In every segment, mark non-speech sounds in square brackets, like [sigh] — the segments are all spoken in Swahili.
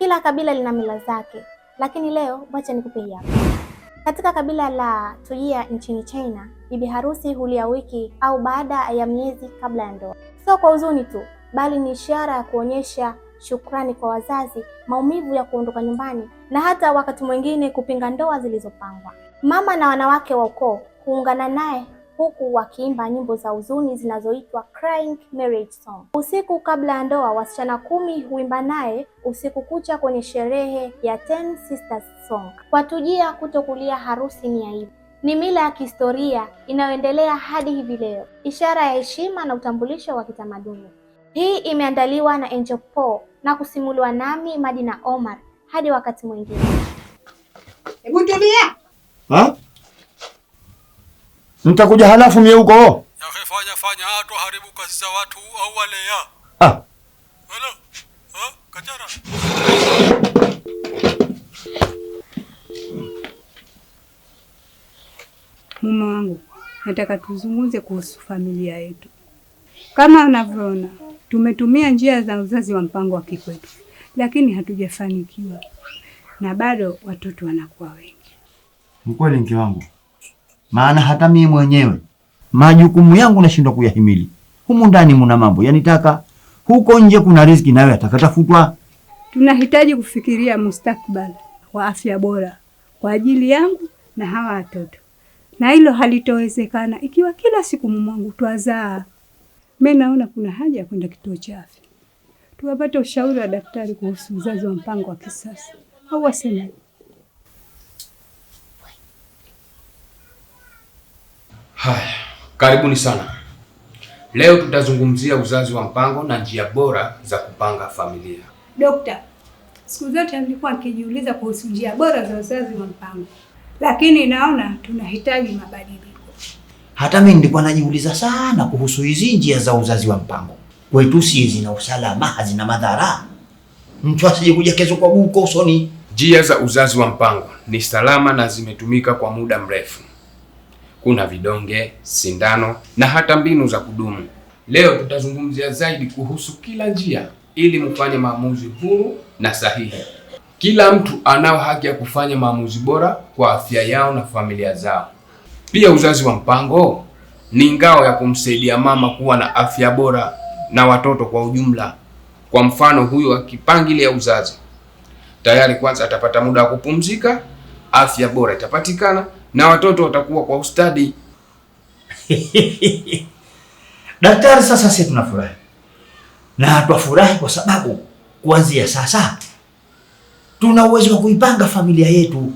Kila kabila lina mila zake, lakini leo wacha nikupe hapa. Katika kabila la Tujia nchini China, bibi harusi hulia wiki au baada ya miezi kabla ya ndoa. Sio kwa huzuni tu, bali ni ishara ya kuonyesha shukrani kwa wazazi, maumivu ya kuondoka nyumbani, na hata wakati mwingine kupinga ndoa zilizopangwa. Mama na wanawake wa ukoo huungana naye huku wakiimba nyimbo za huzuni zinazoitwa crying marriage song. Usiku kabla ya ndoa, wasichana kumi huimba naye usiku kucha kwenye sherehe ya Ten Sisters Song. Kwatujia kutokulia harusi ni aibu ni mila ya kihistoria inayoendelea hadi hivi leo, ishara ya heshima na utambulisho wa kitamaduni. Hii imeandaliwa na Angel Po na kusimuliwa nami Madina Omar. Hadi wakati mwingine, hebu tulia mtakuja halafu mie huko fanya fanya hatu haribu kazi za watu au wale ya ah hello ah Kachara? mume wangu, nataka tuzungumze kuhusu familia yetu. Kama unavyoona, tumetumia njia za uzazi wa mpango wa kikwetu, lakini hatujafanikiwa na bado watoto wanakuwa wengi. Mkweli mke wangu maana hata mimi mwenyewe majukumu yangu nashindwa kuyahimili. Humu ndani muna mambo yanitaka, huko nje kuna riziki nayo yatakatafutwa. Tunahitaji kufikiria mustakbali wa afya bora kwa ajili yangu na hawa watoto, na hilo halitowezekana ikiwa kila siku mumwangu twazaa. Mimi naona kuna haja ya kwenda kituo cha afya tuwapate ushauri wa daktari kuhusu uzazi wa mpango wa kisasa, au wasemaji? Haya, karibuni sana. Leo tutazungumzia uzazi wa mpango na njia bora za kupanga familia. Dokta, siku zote nilikuwa nikijiuliza kuhusu njia bora za uzazi wa mpango, lakini naona tunahitaji mabadiliko. Hata mimi nilikuwa najiuliza sana kuhusu hizi njia za uzazi wa mpango. Kwetu si zina usalama, hazina madhara, mtu asije kuja kesho kwa guko usoni. Njia za uzazi wa mpango ni salama na zimetumika kwa muda mrefu kuna vidonge, sindano na hata mbinu za kudumu. Leo tutazungumzia zaidi kuhusu kila njia ili mfanye maamuzi huru na sahihi. Kila mtu anao haki ya kufanya maamuzi bora kwa afya yao na familia zao. Pia uzazi wa mpango ni ngao ya kumsaidia mama kuwa na afya bora na watoto kwa ujumla. Kwa mfano, huyu akipangilia uzazi tayari, kwanza atapata muda wa kupumzika, afya bora itapatikana na watoto watakuwa kwa ustadi. [laughs] Daktari, sasa sisi tunafurahi na twafurahi kwa sababu kuanzia sasa tuna uwezo wa kuipanga familia yetu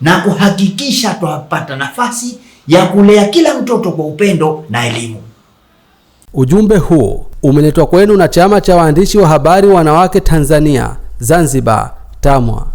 na kuhakikisha twapata nafasi ya kulea kila mtoto kwa upendo na elimu. Ujumbe huo umeletwa kwenu na Chama cha Waandishi wa Habari Wanawake Tanzania Zanzibar, TAMWA.